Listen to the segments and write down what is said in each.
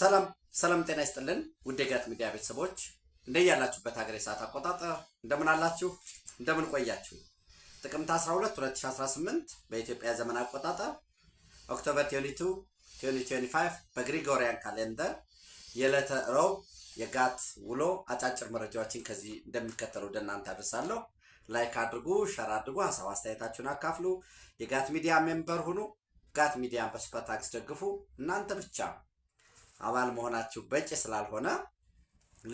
ሰላም ሰላም፣ ጤና ይስጥልን ውድ የጋት ሚዲያ ቤተሰቦች እንደያላችሁበት ሀገር የሰዓት አቆጣጠር እንደምን አላችሁ? እንደምን ቆያችሁ? ጥቅምት 12 2018 በኢትዮጵያ ዘመን አቆጣጠር ኦክቶበር 22 2025 በግሪጎሪያን ካሌንደር የዕለተ ረቡዕ የጋት ውሎ አጫጭር መረጃዎችን ከዚህ እንደሚከተለው ወደ እናንተ አደርሳለሁ። ላይክ አድርጉ፣ ሸር አድርጉ፣ ሀሳብ አስተያየታችሁን አካፍሉ፣ የጋት ሚዲያ ሜምበር ሁኑ፣ ጋት ሚዲያን በሱፐር ታክስ ደግፉ። እናንተ ብቻ አባል መሆናችሁ በቂ ስላልሆነ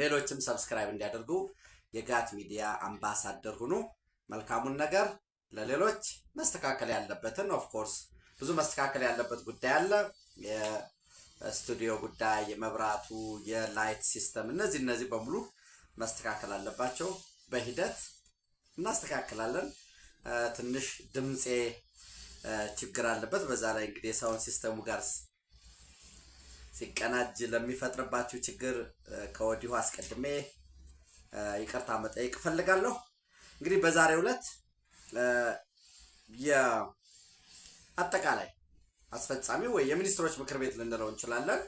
ሌሎችም ሰብስክራይብ እንዲያደርጉ የጋት ሚዲያ አምባሳደር ሁኑ። መልካሙን ነገር ለሌሎች መስተካከል ያለበትን ኦፍኮርስ ብዙ መስተካከል ያለበት ጉዳይ አለ። የስቱዲዮ ጉዳይ፣ የመብራቱ፣ የላይት ሲስተም፣ እነዚህ እነዚህ በሙሉ መስተካከል አለባቸው። በሂደት እናስተካክላለን። ትንሽ ድምፄ ችግር አለበት። በዛ ላይ እንግዲህ የሳውንድ ሲስተሙ ጋር ሲቀናጅ ለሚፈጥርባችሁ ችግር ከወዲሁ አስቀድሜ ይቅርታ መጠየቅ እፈልጋለሁ። እንግዲህ በዛሬው ዕለት የአጠቃላይ አስፈጻሚ ወይ የሚኒስትሮች ምክር ቤት ልንለው እንችላለን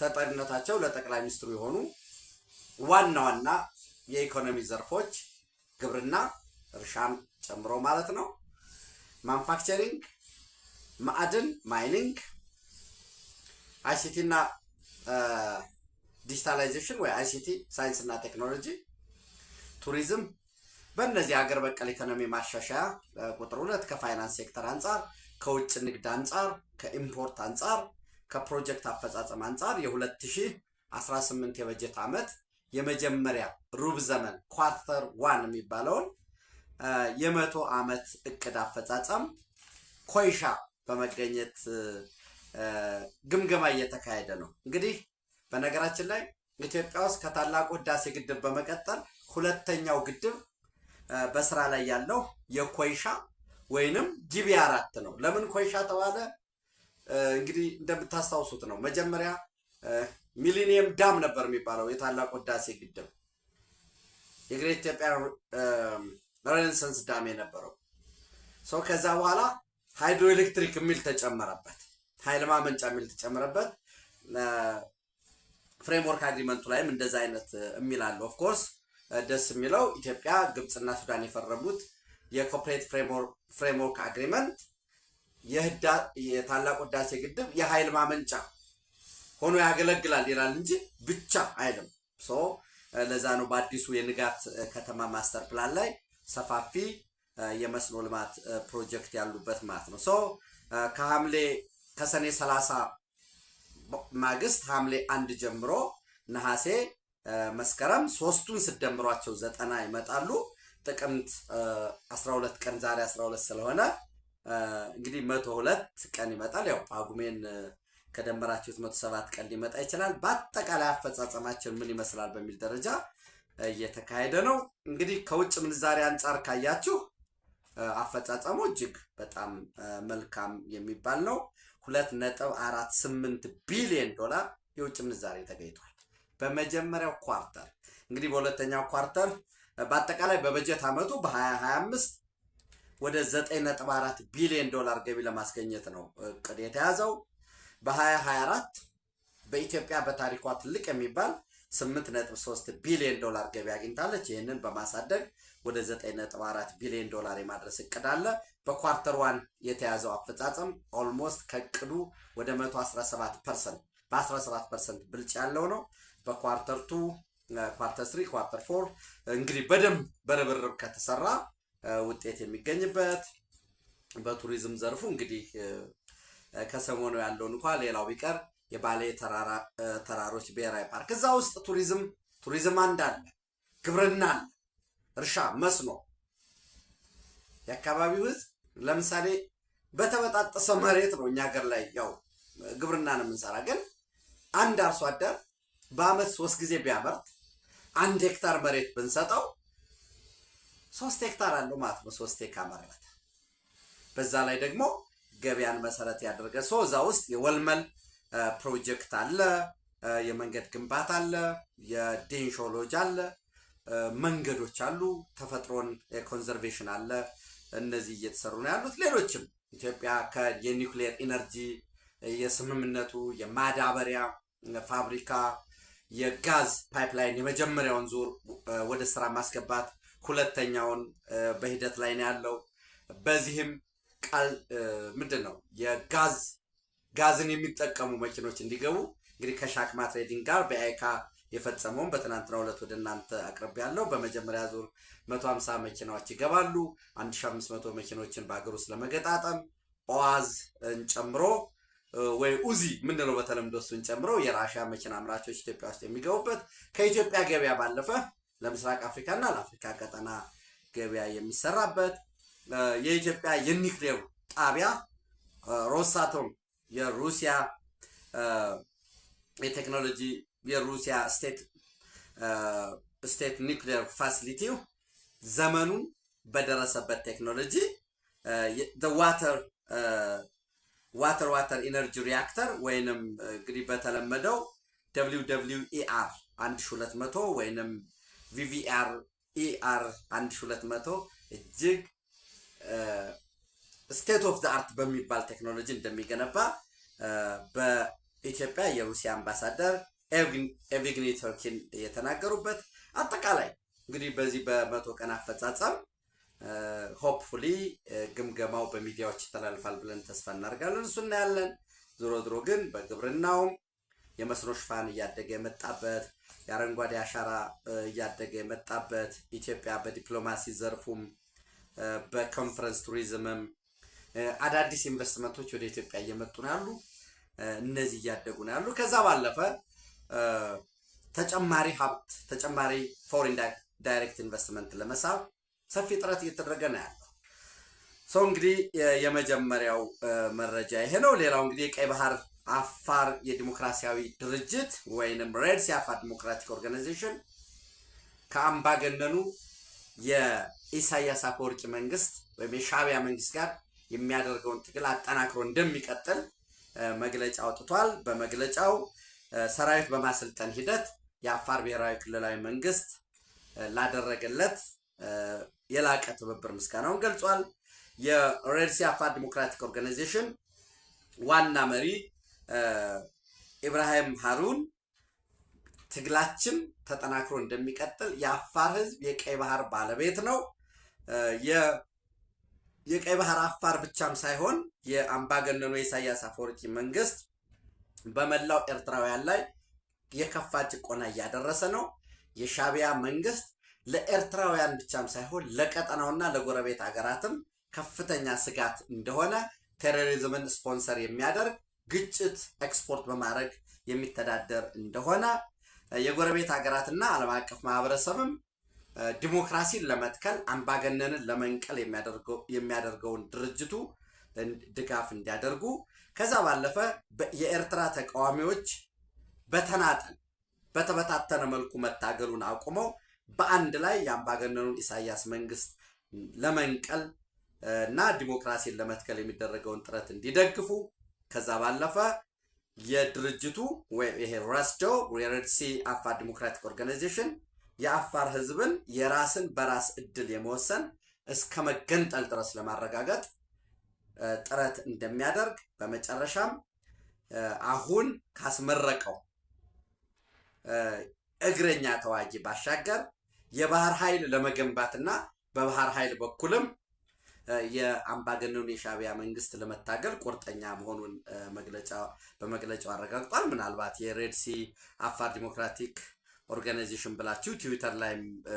ተጠሪነታቸው ለጠቅላይ ሚኒስትሩ የሆኑ ዋና ዋና የኢኮኖሚ ዘርፎች ግብርና፣ እርሻን ጨምሮ ማለት ነው፣ ማንፋክቸሪንግ፣ ማዕድን ማይኒንግ አይሲቲ እና ዲጂታላይዜሽን ወይ አይሲቲ ሳይንስ እና ቴክኖሎጂ፣ ቱሪዝም በእነዚህ ሀገር በቀል ኢኮኖሚ ማሻሻያ ቁጥር ሁለት ከፋይናንስ ሴክተር አንጻር፣ ከውጭ ንግድ አንጻር፣ ከኢምፖርት አንጻር፣ ከፕሮጀክት አፈጻጸም አንጻር የ2018 የበጀት ዓመት የመጀመሪያ ሩብ ዘመን ኳርተር ዋን የሚባለውን የመቶ ዓመት እቅድ አፈጻጸም ኮይሻ በመገኘት ግምገማ እየተካሄደ ነው። እንግዲህ በነገራችን ላይ ኢትዮጵያ ውስጥ ከታላቁ ህዳሴ ግድብ በመቀጠል ሁለተኛው ግድብ በስራ ላይ ያለው የኮይሻ ወይንም ጂቢ አራት ነው። ለምን ኮይሻ ተባለ? እንግዲህ እንደምታስታውሱት ነው። መጀመሪያ ሚሊኒየም ዳም ነበር የሚባለው የታላቁ ህዳሴ ግድብ የግሬት ኢትዮጵያ ሬኔሰንስ ዳም የነበረው ሰው። ከዛ በኋላ ሃይድሮኤሌክትሪክ የሚል ተጨመረበት። ኃይል ማመንጫ የሚል ተጨምረበት ፍሬምወርክ አግሪመንቱ ላይም እንደዛ አይነት የሚል አለ። ኦፍኮርስ ደስ የሚለው ኢትዮጵያ፣ ግብፅና ሱዳን የፈረሙት የኮፕሬት ፍሬምወርክ አግሪመንት የታላቁ ህዳሴ ግድብ የኃይል ማመንጫ ሆኖ ያገለግላል ይላል እንጂ ብቻ አይልም። ሶ ለዛ ነው በአዲሱ የንጋት ከተማ ማስተር ፕላን ላይ ሰፋፊ የመስኖ ልማት ፕሮጀክት ያሉበት ማለት ነው። ሶ ከሐምሌ ከሰኔ 30 ማግስት ሐምሌ አንድ ጀምሮ ነሐሴ፣ መስከረም ሶስቱን ስደምሯቸው ዘጠና ይመጣሉ። ጥቅምት 12 ቀን ዛሬ 12 ስለሆነ እንግዲህ መቶ ቀን ይመጣል። ያው ጳጉሜን ከደመራችሁት 107 ቀን ሊመጣ ይችላል። በአጠቃላይ አፈጻጸማችን ምን ይመስላል በሚል ደረጃ እየተካሄደ ነው። እንግዲህ ከውጭ ምንዛሬ አንጻር ካያችሁ አፈጻጸሙ እጅግ በጣም መልካም የሚባል ነው። ሁለት ነጥብ አራት ስምንት ቢሊዮን ዶላር የውጭ ምንዛሬ ተገኝቷል። በመጀመሪያው ኳርተር እንግዲህ በሁለተኛው ኳርተር በአጠቃላይ በበጀት ዓመቱ በ2025 ወደ 9.4 ቢሊዮን ዶላር ገቢ ለማስገኘት ነው እቅድ የተያዘው። በ2024 በኢትዮጵያ በታሪኳ ትልቅ የሚባል 8.3 ቢሊዮን ዶላር ገቢ አግኝታለች። ይህንን በማሳደግ ወደ 9.4 ቢሊዮን ዶላር የማድረስ እቅድ አለ። በኳርተር ዋን የተያዘው አፈጻጸም ኦልሞስት ከእቅዱ ወደ 117 ፐርሰንት በ17 ፐርሰንት ብልጭ ያለው ነው። በኳርተር ቱ፣ ኳርተር ስሪ፣ ኳርተር ፎር እንግዲህ በደንብ በርብርብ ከተሰራ ውጤት የሚገኝበት በቱሪዝም ዘርፉ እንግዲህ ከሰሞኑ ያለውን እንኳ ሌላው ቢቀር የባሌ ተራሮች ብሔራዊ ፓርክ እዛ ውስጥ ቱሪዝም ቱሪዝም አንድ አለ፣ ግብርና አለ እርሻ መስኖ የአካባቢው ህዝብ ለምሳሌ በተበጣጠሰ መሬት ነው እኛ ሀገር ላይ ያው ግብርናን የምንሰራ ግን አንድ አርሶ አደር በአመት ሶስት ጊዜ ቢያመርት አንድ ሄክታር መሬት ብንሰጠው ሶስት ሄክታር አለው ማለት ነው። ሶስት ሄክታር በዛ ላይ ደግሞ ገበያን መሰረት ያደረገ ሰው እዛ ውስጥ የወልመል ፕሮጀክት አለ፣ የመንገድ ግንባታ አለ፣ የዴንሾ ሎጅ አለ፣ መንገዶች አሉ። ተፈጥሮን ኮንዘርቬሽን አለ። እነዚህ እየተሰሩ ነው ያሉት። ሌሎችም ኢትዮጵያ የኒውክሌር ኢነርጂ የስምምነቱ የማዳበሪያ ፋብሪካ የጋዝ ፓይፕላይን የመጀመሪያውን ዙር ወደ ስራ ማስገባት ሁለተኛውን በሂደት ላይ ነው ያለው። በዚህም ቃል ምንድን ነው የጋዝ ጋዝን የሚጠቀሙ መኪኖች እንዲገቡ እንግዲህ ከሻክማ ትሬዲንግ ጋር በአይካ የፈጸመውን በትናንትናው ዕለት ወደ እናንተ አቅርብ ያለው በመጀመሪያ ዙር 150 መኪናዎች ይገባሉ። 1500 መኪኖችን በሀገር ውስጥ ለመገጣጠም ኦዋዝን ጨምሮ ወይ ኡዚ ምንለው በተለምዶ እሱን ጨምሮ የራሽያ መኪና አምራቾች ኢትዮጵያ ውስጥ የሚገቡበት ከኢትዮጵያ ገበያ ባለፈ ለምስራቅ አፍሪካና ለአፍሪካ ቀጠና ገበያ የሚሰራበት የኢትዮጵያ የኒክሌር ጣቢያ ሮሳቶም የሩሲያ የቴክኖሎጂ የሩሲያ ስቴት ኒክሌር ፋሲሊቲው ዘመኑን በደረሰበት ቴክኖሎጂ ዋተር ዋተር ዋተር ኢነርጂ ሪያክተር ወይንም uh, እንግዲህ በተለመደው ደብሊው ደብሊው ኢአር 1200 ወይንም ቪቪአር ኢአር 1200 እጅግ ስቴት ኦፍ ዘ አርት በሚባል ቴክኖሎጂ እንደሚገነባ uh, በኢትዮጵያ የሩሲያ አምባሳደር ኤቪግኔተሮችን የተናገሩበት አጠቃላይ እንግዲህ በዚህ በመቶ ቀን አፈጻጸም ሆፕፉሊ ግምገማው በሚዲያዎች ይተላልፋል ብለን ተስፋ እናደርጋለን። እሱ እናያለን። ዞሮ ዞሮ ግን በግብርናውም የመስኖ ሽፋን እያደገ የመጣበት የአረንጓዴ አሻራ እያደገ የመጣበት ኢትዮጵያ በዲፕሎማሲ ዘርፉም በኮንፈረንስ ቱሪዝምም አዳዲስ ኢንቨስትመንቶች ወደ ኢትዮጵያ እየመጡ ነው ያሉ። እነዚህ እያደጉ ነው ያሉ። ከዛ ባለፈ ተጨማሪ ሀብት ተጨማሪ ፎሪን ዳይሬክት ኢንቨስትመንት ለመሳብ ሰፊ ጥረት እየተደረገ ነው ያለው። ሰው እንግዲህ የመጀመሪያው መረጃ ይሄ ነው። ሌላው እንግዲህ የቀይ ባህር አፋር የዲሞክራሲያዊ ድርጅት ወይንም ሬድ ሲ አፋር ዲሞክራቲክ ኦርጋናይዜሽን ከአምባገነኑ የኢሳያስ አፈወርቂ መንግስት ወይም የሻቢያ መንግስት ጋር የሚያደርገውን ትግል አጠናክሮ እንደሚቀጥል መግለጫ አውጥቷል። በመግለጫው ሰራዊት በማሰልጠን ሂደት የአፋር ብሔራዊ ክልላዊ መንግስት ላደረገለት የላቀ ትብብር ምስጋናውን ገልጿል። የሬድሲ አፋር ዲሞክራቲክ ኦርጋናይዜሽን ዋና መሪ ኢብራሂም ሀሩን ትግላችን ተጠናክሮ እንደሚቀጥል የአፋር ህዝብ የቀይ ባህር ባለቤት ነው። የቀይ ባህር አፋር ብቻም ሳይሆን የአምባገነኑ የኢሳያስ አፈወርቂ መንግስት በመላው ኤርትራውያን ላይ የከፋ ጭቆና እያደረሰ ነው። የሻቢያ መንግስት ለኤርትራውያን ብቻም ሳይሆን ለቀጠናውና ለጎረቤት ሀገራትም ከፍተኛ ስጋት እንደሆነ ቴሮሪዝምን ስፖንሰር የሚያደርግ ግጭት ኤክስፖርት በማድረግ የሚተዳደር እንደሆነ የጎረቤት ሀገራትና ዓለም አቀፍ ማህበረሰብም ዲሞክራሲን ለመትከል አምባገነንን ለመንቀል የሚያደርገውን ድርጅቱ ድጋፍ እንዲያደርጉ ከዛ ባለፈ የኤርትራ ተቃዋሚዎች በተናጠል በተበታተነ መልኩ መታገሉን አቁመው በአንድ ላይ የአምባገነኑን ኢሳያስ መንግስት ለመንቀል እና ዲሞክራሲን ለመትከል የሚደረገውን ጥረት እንዲደግፉ ከዛ ባለፈ የድርጅቱ ይሄ ረስዶ የረድሲ አፋር ዲሞክራቲክ ኦርጋናይዜሽን የአፋር ህዝብን የራስን በራስ እድል የመወሰን እስከ መገንጠል ድረስ ለማረጋገጥ ጥረት እንደሚያደርግ በመጨረሻም አሁን ካስመረቀው እግረኛ ተዋጊ ባሻገር የባህር ኃይል ለመገንባትና በባህር ኃይል በኩልም የአምባገነኑ የሻቢያ መንግስት ለመታገል ቁርጠኛ መሆኑን በመግለጫው አረጋግጧል። ምናልባት የሬድሲ አፋር ዲሞክራቲክ ኦርጋናይዜሽን ብላችሁ ትዊተር ላይ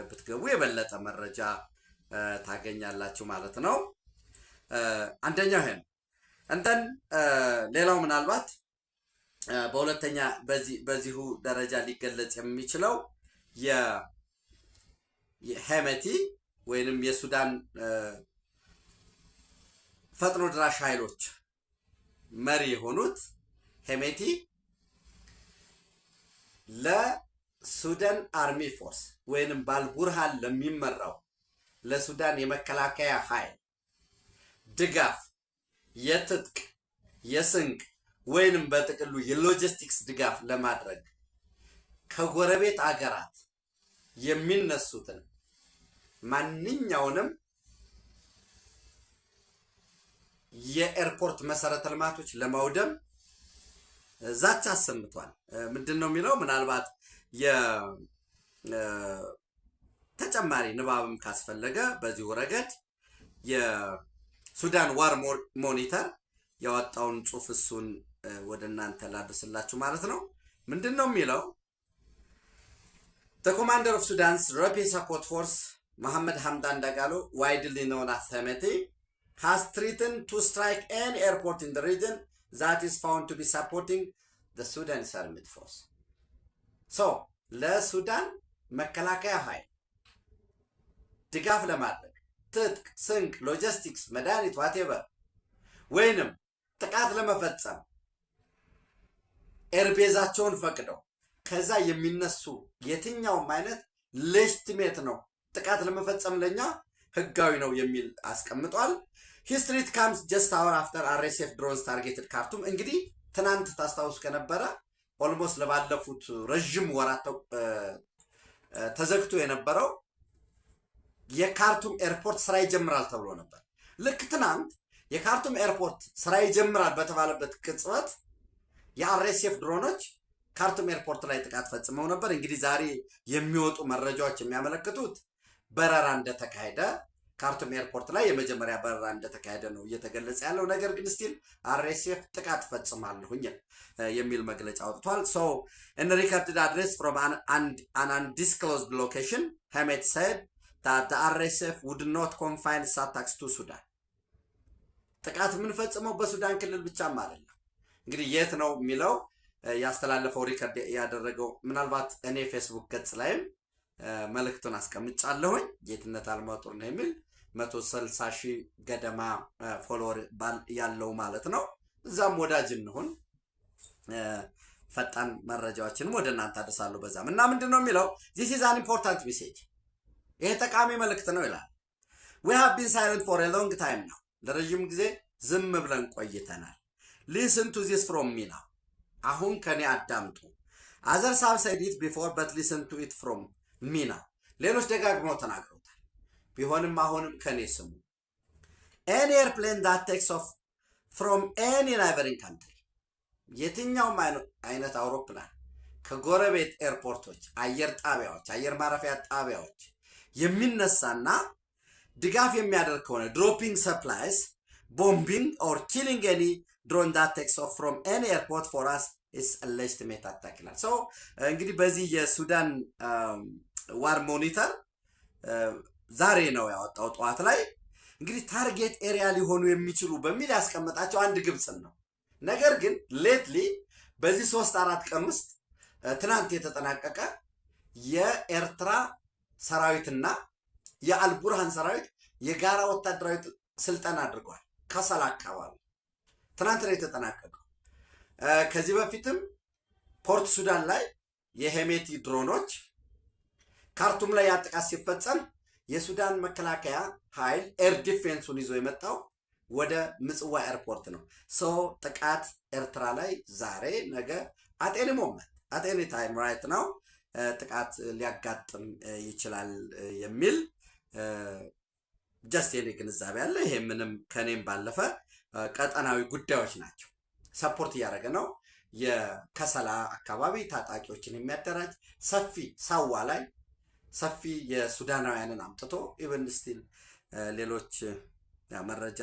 ብትገቡ የበለጠ መረጃ ታገኛላችሁ ማለት ነው። አንደኛው ይሄ ነው። እንተን ሌላው ምናልባት በሁለተኛ በዚሁ ደረጃ ሊገለጽ የሚችለው የሄመቲ ወይንም የሱዳን ፈጥኖ ድራሽ ኃይሎች መሪ የሆኑት ሄሜቲ ለሱዳን አርሚ ፎርስ ወይንም ባልቡርሃን ለሚመራው ለሱዳን የመከላከያ ኃይል ድጋፍ የትጥቅ የስንቅ ወይንም በጥቅሉ የሎጂስቲክስ ድጋፍ ለማድረግ ከጎረቤት አገራት የሚነሱትን ማንኛውንም የኤርፖርት መሰረተ ልማቶች ለማውደም ዛቻ አሰምቷል። ምንድን ነው የሚለው? ምናልባት የተጨማሪ ንባብም ካስፈለገ በዚሁ ረገድ ሱዳን ዋር ሞኒተር ያወጣውን ጽሁፍ እሱን ወደ እናንተ ላድርስላችሁ ማለት ነው። ምንድን ነው የሚለው? ኮማንደር ኦፍ ሱዳንስ ራፒድ ሰፖርት ፎርስ መሐመድ ሐምዳን ዳጋሎ ዋይድሊ ኖን አስ ሄሜቲ ሃዝ ትሪትን ቱ ስትራይክ ኤኒ ኤርፖርት ኢን ሪጅን ዛት ኢዝ ፋውንድ ቱ ቢ ሰፖርቲንግ ዘ ሱዳን አርምድ ፎርስ ሶ ለሱዳን መከላከያ ኃይል ድጋፍ ለማድረግ ትጥቅ፣ ስንቅ፣ ሎጂስቲክስ፣ መድኃኒት፣ ዋቴቨር ወይንም ጥቃት ለመፈጸም ኤርቤዛቸውን ፈቅደው ከዛ የሚነሱ የትኛውም አይነት ሌጅትሜት ነው ጥቃት ለመፈጸም ለኛ ህጋዊ ነው የሚል አስቀምጧል። ሂስትሪት ካምስ ጀስት አወር አፍተር አርኤስኤፍ ድሮንስ ታርጌትድ ካርቱም። እንግዲህ ትናንት ታስታውስ ከነበረ ኦልሞስት ለባለፉት ረዥም ወራት ተዘግቶ የነበረው የካርቱም ኤርፖርት ስራ ይጀምራል ተብሎ ነበር። ልክ ትናንት የካርቱም ኤርፖርት ስራ ይጀምራል በተባለበት ቅጽበት የአርኤስኤፍ ድሮኖች ካርቱም ኤርፖርት ላይ ጥቃት ፈጽመው ነበር። እንግዲህ ዛሬ የሚወጡ መረጃዎች የሚያመለክቱት በረራ እንደተካሄደ ካርቱም ኤርፖርት ላይ የመጀመሪያ በረራ እንደተካሄደ ነው እየተገለጸ ያለው። ነገር ግን ስቲል አርኤስኤፍ ጥቃት ፈጽማለሁኝ የሚል መግለጫ አውጥቷል። ሶ ኢን ሪከርድድ አድሬስ ፍሮም አን አንዲስክሎዝድ ሎኬሽን ሄሜት ሰድ that the RSF would not confine its attacks to Sudan ጥቃት የምንፈጽመው በሱዳን ክልል ብቻም አይደለም። እንግዲህ የት ነው የሚለው ያስተላለፈው ሪከርድ ያደረገው ምናልባት እኔ ፌስቡክ ገጽ ላይም መልእክቱን አስቀምጫለሁኝ ጌትነት አልማጦር ነው የሚል መቶ ስልሳ ሺህ ገደማ ፎሎወር ያለው ማለት ነው። እዛም ወዳጅ እንሁን፣ ፈጣን መረጃዎችንም ወደ እናንተ አደርሳለሁ በዛም እና ምንድን ነው የሚለው ዚስ ኢዝ አን ኢምፖርታንት ሜሴጅ ይሄ ጠቃሚ መልእክት ነው ይላል። ዊ ሃቭ ቢን ሳይለንት ፎር ሎንግ ታይም ነው ለረዥም ጊዜ ዝም ብለን ቆይተናል። ሊስን ቱ ዚስ ፍሮም ሚ ነው አሁን ከኔ አዳምጡ። አዘር ሳብ ሰይዲት ቢፎር በት ሊስን ቱ ኢት ፍሮም ሚ ነው ሌሎች ደጋግመው ተናግረውታል። ቢሆንም አሁንም ከኔ ስሙ። ኤኒ ኤርፕሌን ዳት ቴክስ ኦፍ ፍሮም ኤኒ ናይበሪንግ ካንትሪ የትኛውም አይነት አውሮፕላን ከጎረቤት ኤርፖርቶች፣ አየር ጣቢያዎች፣ አየር ማረፊያ ጣቢያዎች የሚነሳና ድጋፍ የሚያደርግ ከሆነ ድሮፒንግ ሰፕላይስ ቦምቢንግ ኦር ኪሊንግ ኒ ድሮን ዳት ቴክስ ኦፍ ፍሮም ኒ ኤርፖርት ፎር አስ ኢስ ሌጅትሜት አታክ ይላል። ሶ eh, እንግዲህ በዚህ የሱዳን ዋር um, ሞኒተር eh, ዛሬ ነው ያወጣው ጠዋት ላይ እንግዲህ ታርጌት ኤሪያ ሊሆኑ የሚችሉ በሚል ያስቀመጣቸው አንድ ግብፅን ነው። ነገር ግን ሌትሊ በዚህ ሶስት አራት ቀን ውስጥ eh, ትናንት የተጠናቀቀ የኤርትራ ሰራዊትና የአልቡርሃን ሰራዊት የጋራ ወታደራዊ ስልጠና አድርገዋል። ከሰል አካባቢ ትናንት ነው የተጠናቀቀው። ከዚህ በፊትም ፖርት ሱዳን ላይ የሄሜቲ ድሮኖች፣ ካርቱም ላይ ያጥቃት ሲፈጸም የሱዳን መከላከያ ኃይል ኤር ዲፌንሱን ይዞ የመጣው ወደ ምጽዋ ኤርፖርት ነው። ሰው ጥቃት ኤርትራ ላይ ዛሬ ነገ አጤን ሞመንት አጤኒ ታይም ራይት ነው። ጥቃት ሊያጋጥም ይችላል የሚል ጀስት የኔ ግንዛቤ አለ። ይሄ ምንም ከኔም ባለፈ ቀጠናዊ ጉዳዮች ናቸው። ሰፖርት እያደረገ ነው። የከሰላ አካባቢ ታጣቂዎችን የሚያደራጅ ሰፊ ሳዋ ላይ ሰፊ የሱዳናውያንን አምጥቶ ኢቨን ስቲል ሌሎች መረጃ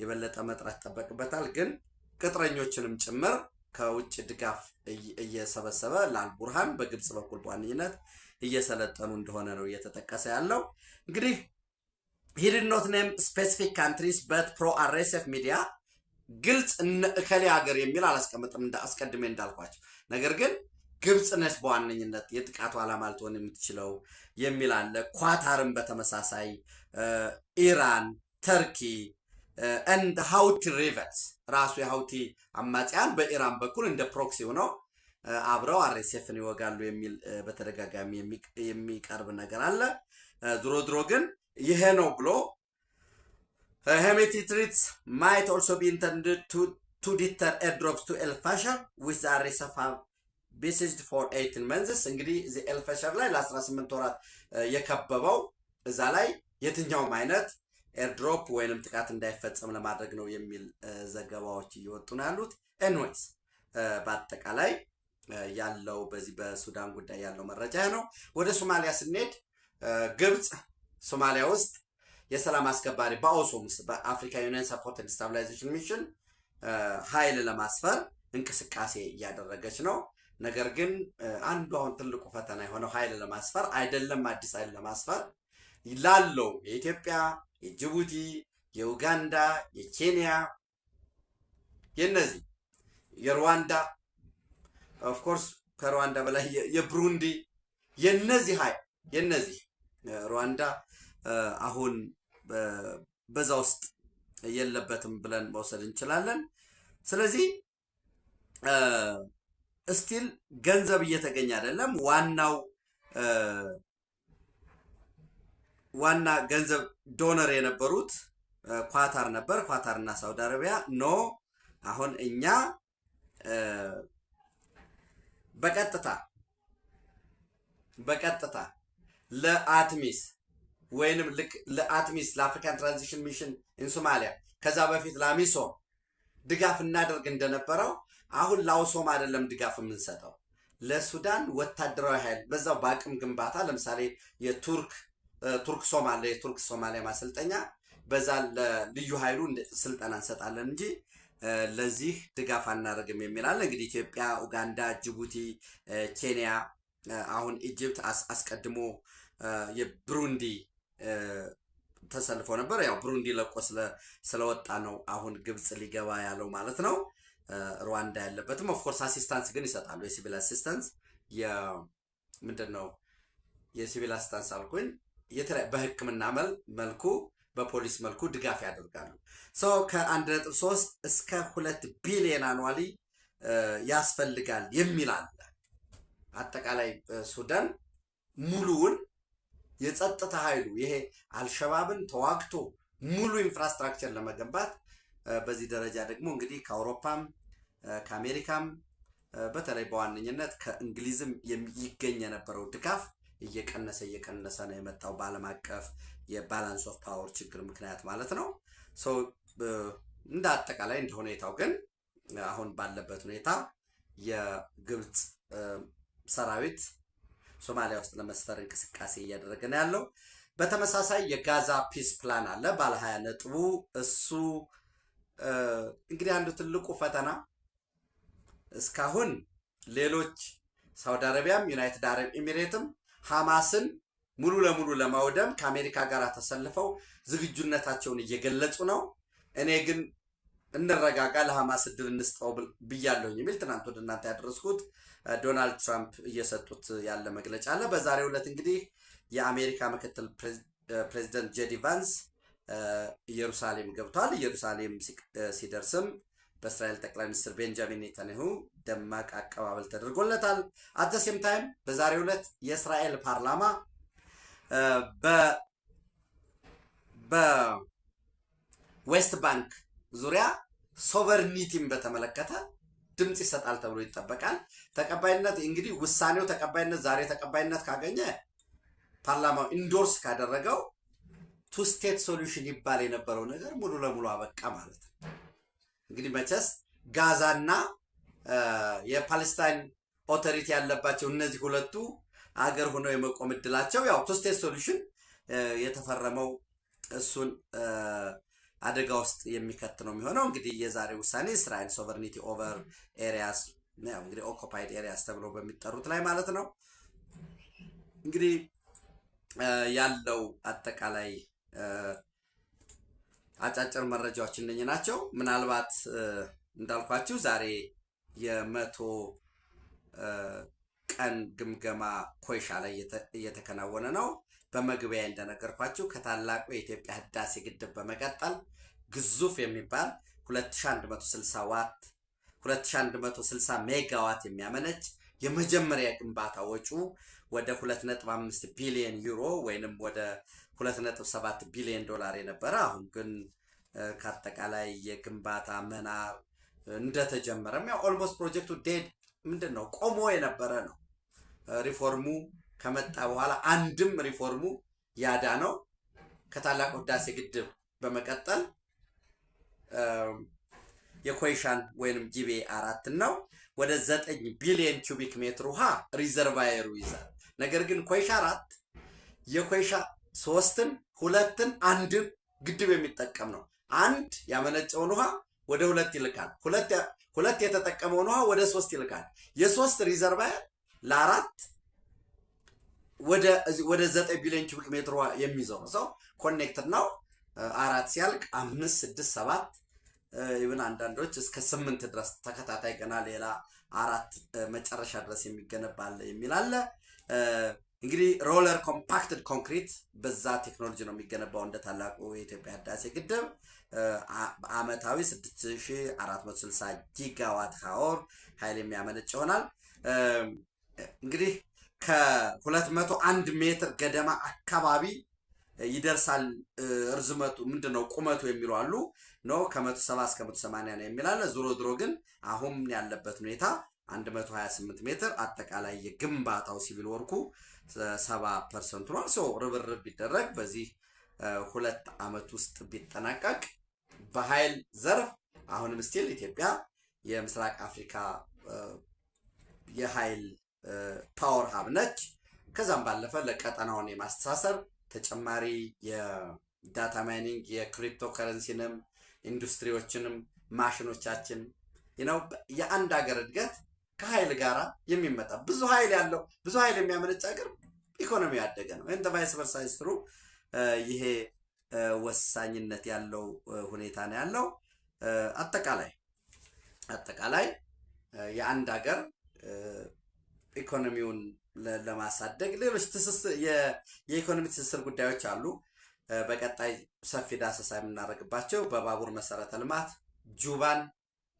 የበለጠ መጥራት ይጠበቅበታል፣ ግን ቅጥረኞችንም ጭምር ከውጭ ድጋፍ እየሰበሰበ ለአልቡርሃን በግብፅ በኩል በዋነኝነት እየሰለጠኑ እንደሆነ ነው እየተጠቀሰ ያለው። እንግዲህ he did ስፔሲፊክ ካንትሪስ በት ፕሮ but ሚዲያ ግልጽ እከሌ ሀገር የሚል አላስቀምጥም አስቀድሜ እንዳልኳቸው። ነገር ግን ግብፅ ነች በዋነኝነት የጥቃቱ ዓላማ ልትሆን የምትችለው የሚል አለ። ኳታርን በተመሳሳይ ኢራን፣ ተርኪ እንድ ሀውቲ ሪቨርስ ራሱ የሀውቲ አማጽያን በኢራን በኩል እንደ ፕሮክሲ ሆነው uh, አብረው አርኤስኤፍን ይወጋሉ የሚል uh, በተደጋጋሚ የሚቀርብ ነገር አለ። ድሮ uh, ድሮ ግን ይሄ ነው ብሎ ሄሜቲ ትሪትስ ማይት ኦልሶ ቢ ኢንተንድድ ቱ ዲተር ኤርድሮፕስ ቱ ኤልፋሸር ዊዝ ዘ አርኤስኤፍ ቢሲጅድ ፎር ኤይትን መንዝስ እንግዲህ እዚህ ኤልፋሸር ላይ ለ18 ወራት የከበበው እዛ ላይ የትኛውም አይነት ኤርድሮፕ ወይንም ጥቃት እንዳይፈጸም ለማድረግ ነው የሚል ዘገባዎች እየወጡ ነው ያሉት። ኤንዌይስ በአጠቃላይ ያለው በዚህ በሱዳን ጉዳይ ያለው መረጃ ነው። ወደ ሶማሊያ ስንሄድ ግብፅ ሶማሊያ ውስጥ የሰላም አስከባሪ በአውሶምስ በአፍሪካ ዩኒየን ሰፖርት ኤንድ ስታብላይዜሽን ሚሽን ኃይል ለማስፈር እንቅስቃሴ እያደረገች ነው። ነገር ግን አንዱ አሁን ትልቁ ፈተና የሆነው ኃይል ለማስፈር አይደለም አዲስ ኃይል ለማስፈር ላለው የኢትዮጵያ፣ የጅቡቲ፣ የኡጋንዳ፣ የኬንያ የነዚህ የሩዋንዳ ኦፍኮርስ ከሩዋንዳ በላይ የብሩንዲ የነዚህ ሀይ የነዚህ ሩዋንዳ አሁን በዛ ውስጥ የለበትም ብለን መውሰድ እንችላለን። ስለዚህ እስቲል ገንዘብ እየተገኘ አይደለም ዋናው ዋና ገንዘብ ዶነር የነበሩት ኳታር ነበር። ኳታር እና ሳውዲ አረቢያ ኖ አሁን እኛ በቀጥታ በቀጥታ ለአትሚስ ወይንም ልክ ለአትሚስ ለአፍሪካን ትራንዚሽን ሚሽን ኢንሶማሊያ ከዛ በፊት ለአሚሶ ድጋፍ እናደርግ እንደነበረው አሁን ላውሶም አይደለም ድጋፍ የምንሰጠው ለሱዳን ወታደራዊ ኃይል በዛው በአቅም ግንባታ ለምሳሌ የቱርክ ቱርክ ሶማሌ የቱርክ ሶማሊያ ማሰልጠኛ በዛ ልዩ ኃይሉ ስልጠና እንሰጣለን እንጂ ለዚህ ድጋፍ አናደርግም የሚላለ እንግዲህ ኢትዮጵያ፣ ኡጋንዳ፣ ጅቡቲ፣ ኬንያ፣ አሁን ኢጅፕት፣ አስቀድሞ የብሩንዲ ተሰልፎ ነበር። ያው ብሩንዲ ለቆ ስለወጣ ነው አሁን ግብፅ ሊገባ ያለው ማለት ነው። ሩዋንዳ ያለበትም ኦፍኮርስ አሲስታንስ ግን ይሰጣሉ። የሲቪል አሲስታንስ ምንድን ነው? የሲቪል አሲስታንስ አልኩኝ። የተለያዩ በህክምና መልኩ በፖሊስ መልኩ ድጋፍ ያደርጋሉ። ሰው ከአንድ ነጥብ ሶስት እስከ ሁለት ቢሊዮን አኗሊ ያስፈልጋል የሚል አለ። አጠቃላይ ሱዳን ሙሉውን የጸጥታ ኃይሉ ይሄ አልሸባብን ተዋግቶ ሙሉ ኢንፍራስትራክቸር ለመገንባት በዚህ ደረጃ ደግሞ እንግዲህ ከአውሮፓም ከአሜሪካም በተለይ በዋነኝነት ከእንግሊዝም ይገኝ የነበረው ድጋፍ እየቀነሰ እየቀነሰ ነው የመጣው በዓለም አቀፍ የባላንስ ኦፍ ፓወር ችግር ምክንያት ማለት ነው። እንደ አጠቃላይ እንደ ሁኔታው ግን አሁን ባለበት ሁኔታ የግብፅ ሰራዊት ሶማሊያ ውስጥ ለመስፈር እንቅስቃሴ እያደረገ ነው ያለው። በተመሳሳይ የጋዛ ፒስ ፕላን አለ ባለ ሀያ ነጥቡ እሱ እንግዲህ አንዱ ትልቁ ፈተና እስካሁን ሌሎች ሳውዲ አረቢያም ዩናይትድ አረብ ኤሚሬትም ሐማስን ሙሉ ለሙሉ ለማውደም ከአሜሪካ ጋር ተሰልፈው ዝግጁነታቸውን እየገለጹ ነው። እኔ ግን እንረጋጋ፣ ለሐማስ እድል እንስጠው ብያለሁኝ የሚል ትናንት ወደ እናንተ ያደረስኩት ዶናልድ ትራምፕ እየሰጡት ያለ መግለጫ አለ። በዛሬው ዕለት እንግዲህ የአሜሪካ ምክትል ፕሬዚደንት ጄዲ ቫንስ ኢየሩሳሌም ገብተዋል። ኢየሩሳሌም ሲደርስም በእስራኤል ጠቅላይ ሚኒስትር ቤንጃሚን ኔታንያሁ ደማቅ አቀባበል ተደርጎለታል። አት ሴም ታይም በዛሬው ዕለት የእስራኤል ፓርላማ በዌስት ባንክ ዙሪያ ሶቨርኒቲን በተመለከተ ድምፅ ይሰጣል ተብሎ ይጠበቃል። ተቀባይነት እንግዲህ ውሳኔው ተቀባይነት ዛሬ ተቀባይነት ካገኘ ፓርላማው ኢንዶርስ ካደረገው ቱ ስቴት ሶሉሽን ይባል የነበረው ነገር ሙሉ ለሙሉ አበቃ ማለት ነው። እንግዲህ መቼስ ጋዛና የፓለስታይን ኦቶሪቲ ያለባቸው እነዚህ ሁለቱ አገር ሆነው የመቆም እድላቸው ያው ቱስቴት ሶሉሽን የተፈረመው እሱን አደጋ ውስጥ የሚከት ነው የሚሆነው። እንግዲህ የዛሬ ውሳኔ እስራኤል ሶቨርኒቲ ኦቨር ኤሪያስ እንግዲህ ኦኮፓይድ ኤሪያስ ተብለው በሚጠሩት ላይ ማለት ነው። እንግዲህ ያለው አጠቃላይ አጫጭር መረጃዎች እነኝህ ናቸው። ምናልባት እንዳልኳችሁ ዛሬ የመቶ ቀን ግምገማ ኮይሻ ላይ እየተከናወነ ነው። በመግቢያ እንደነገርኳችሁ ከታላቁ የኢትዮጵያ ህዳሴ ግድብ በመቀጠል ግዙፍ የሚባል 2160 ዋት 2160 ሜጋዋት የሚያመነጭ የመጀመሪያ ግንባታ ወጪ ወደ 2.5 ቢሊዮን ዩሮ ወይንም ወደ ሁለት ነጥብ ሰባት ቢሊዮን ዶላር የነበረ አሁን ግን ከአጠቃላይ የግንባታ መናር እንደተጀመረም ያው ኦልሞስት ፕሮጀክቱ ዴድ ምንድን ነው ቆሞ የነበረ ነው። ሪፎርሙ ከመጣ በኋላ አንድም ሪፎርሙ ያዳ ነው ከታላቁ ህዳሴ ግድብ በመቀጠል የኮይሻን ወይንም ጊቤ አራት ነው። ወደ ዘጠኝ ቢሊዮን ኪዩቢክ ሜትር ውሃ ሪዘርቫየሩ ይዛል። ነገር ግን ኮይሻ አራት የኮይሻ ሶስትን ሁለትን አንድን ግድብ የሚጠቀም ነው። አንድ ያመነጨውን ውሃ ወደ ሁለት ይልካል። ሁለት የተጠቀመውን ውሃ ወደ ሶስት ይልካል። የሶስት ሪዘርቫየር ለአራት ወደ ዘጠኝ ቢሊዮን ኪቢክ ሜትር ውሃ የሚይዘው ነው። ሰው ኮኔክትድ ነው። አራት ሲያልቅ አምስት፣ ስድስት፣ ሰባት ይብን አንዳንዶች እስከ ስምንት ድረስ ተከታታይ ገና ሌላ አራት መጨረሻ ድረስ የሚገነባለ የሚላለ እንግዲህ ሮለር ኮምፓክትድ ኮንክሪት በዛ ቴክኖሎጂ ነው የሚገነባው። እንደ ታላቁ የኢትዮጵያ ህዳሴ ግድብ በአመታዊ 6460 ጊጋዋት ሀወር ኃይል የሚያመነጭ ይሆናል። እንግዲህ ከ201 ሜትር ገደማ አካባቢ ይደርሳል። እርዝመቱ ምንድን ነው ቁመቱ የሚሉ አሉ ነው ከ170 እስከ 180 ነው የሚላለ። ዞሮ ዞሮ ግን አሁን ያለበት ሁኔታ 128 ሜትር አጠቃላይ የግንባታው ሲቪል ወርኩ ሰባ ፐርሰንት ሆኗል። ሰው ርብርብ ቢደረግ በዚህ ሁለት ዓመት ውስጥ ቢጠናቀቅ በኃይል ዘርፍ አሁንም ስቲል ኢትዮጵያ የምስራቅ አፍሪካ የኃይል ፓወር ሀብ ነች። ከዛም ባለፈ ለቀጠናውን የማስተሳሰር ተጨማሪ የዳታ ማይኒንግ የክሪፕቶ ከረንሲንም ኢንዱስትሪዎችንም ማሽኖቻችን ነው የአንድ ሀገር እድገት ከኃይል ጋር የሚመጣ ብዙ ኃይል ያለው ብዙ ኃይል የሚያመነጭ ሀገር ኢኮኖሚ ያደገ ነው። ወይም ተቫይስ ቨርሳይስ ትሩ ይሄ ወሳኝነት ያለው ሁኔታ ነው ያለው። አጠቃላይ አጠቃላይ የአንድ ሀገር ኢኮኖሚውን ለማሳደግ ሌሎች የኢኮኖሚ ትስስር ጉዳዮች አሉ። በቀጣይ ሰፊ ዳሰሳ የምናደርግባቸው በባቡር መሰረተ ልማት ጁባን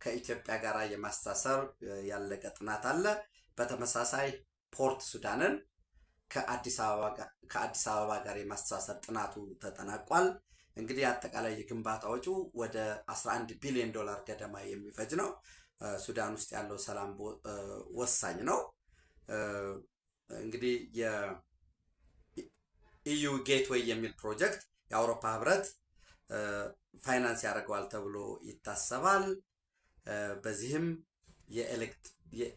ከኢትዮጵያ ጋር የማስተሳሰር ያለቀ ጥናት አለ። በተመሳሳይ ፖርት ሱዳንን ከአዲስ አበባ ጋር የማስተሳሰር ጥናቱ ተጠናቋል። እንግዲህ አጠቃላይ የግንባታ ወደ 11 ቢሊዮን ዶላር ገደማ የሚፈጅ ነው። ሱዳን ውስጥ ያለው ሰላም ወሳኝ ነው። እንግዲህ የኢዩ ጌትዌይ የሚል ፕሮጀክት የአውሮፓ ህብረት ፋይናንስ ያደርገዋል ተብሎ ይታሰባል። በዚህም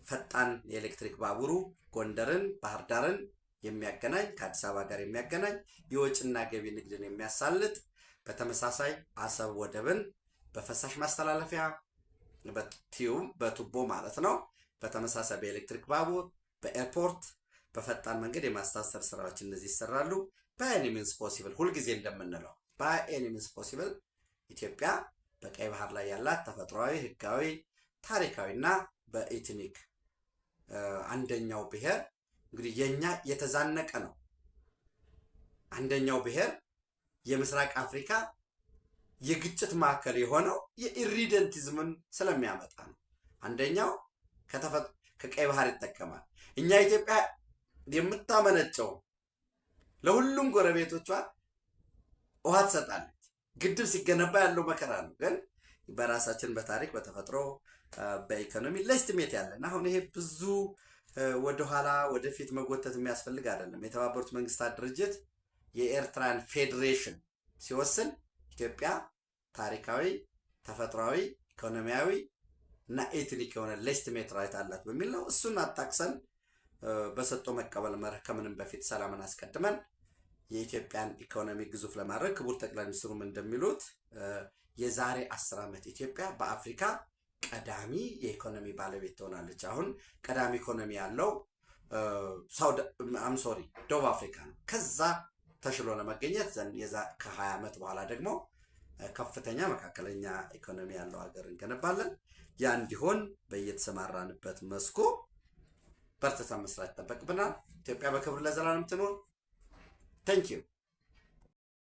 ፈጣን የኤሌክትሪክ ባቡሩ ጎንደርን፣ ባህር ዳርን የሚያገናኝ ከአዲስ አበባ ጋር የሚያገናኝ የወጭና ገቢ ንግድን የሚያሳልጥ በተመሳሳይ አሰብ ወደብን በፈሳሽ ማስተላለፊያ በቲዩም በቱቦ ማለት ነው። በተመሳሳይ በኤሌክትሪክ ባቡር፣ በኤርፖርት፣ በፈጣን መንገድ የማስታሰር ስራዎች እነዚህ ይሰራሉ። በኤኒሚንስ ፖሲብል ሁልጊዜ እንደምንለው በኤኒሚንስ ፖሲብል ኢትዮጵያ በቀይ ባህር ላይ ያላት ተፈጥሯዊ፣ ህጋዊ፣ ታሪካዊና በኢትኒክ አንደኛው ብሔር እንግዲህ የኛ የተዛነቀ ነው። አንደኛው ብሔር የምስራቅ አፍሪካ የግጭት ማዕከል የሆነው የኢሪደንቲዝምን ስለሚያመጣ ነው። አንደኛው ከቀይ ባህር ይጠቀማል። እኛ ኢትዮጵያ የምታመነጨው ለሁሉም ጎረቤቶቿ ውሃ ትሰጣለች። ግድብ ሲገነባ ያለው መከራ ነው። ግን በራሳችን በታሪክ በተፈጥሮ በኢኮኖሚ ለስቲሜት ያለን አሁን ይሄ ብዙ ወደኋላ ወደፊት መጎተት የሚያስፈልግ አይደለም። የተባበሩት መንግስታት ድርጅት የኤርትራን ፌዴሬሽን ሲወስን ኢትዮጵያ ታሪካዊ፣ ተፈጥሯዊ፣ ኢኮኖሚያዊ እና ኤትኒክ የሆነ ሌስትሜት ራይት አላት በሚል ነው። እሱን አጣቅሰን በሰጥቶ መቀበል መርህ ከምንም በፊት ሰላምን አስቀድመን የኢትዮጵያን ኢኮኖሚ ግዙፍ ለማድረግ ክቡር ጠቅላይ ሚኒስትሩም እንደሚሉት የዛሬ አስር ዓመት ኢትዮጵያ በአፍሪካ ቀዳሚ የኢኮኖሚ ባለቤት ትሆናለች። አሁን ቀዳሚ ኢኮኖሚ ያለው ሶሪ ደቡብ አፍሪካ ነው። ከዛ ተሽሎ ለመገኘት ከሀያ ዓመት በኋላ ደግሞ ከፍተኛ መካከለኛ ኢኮኖሚ ያለው ሀገር እንገነባለን። ያ እንዲሆን በየተሰማራንበት መስኩ በርትተን መስራት ይጠበቅብናል። ኢትዮጵያ በክብር ለዘላለም ትኑር። Thank you.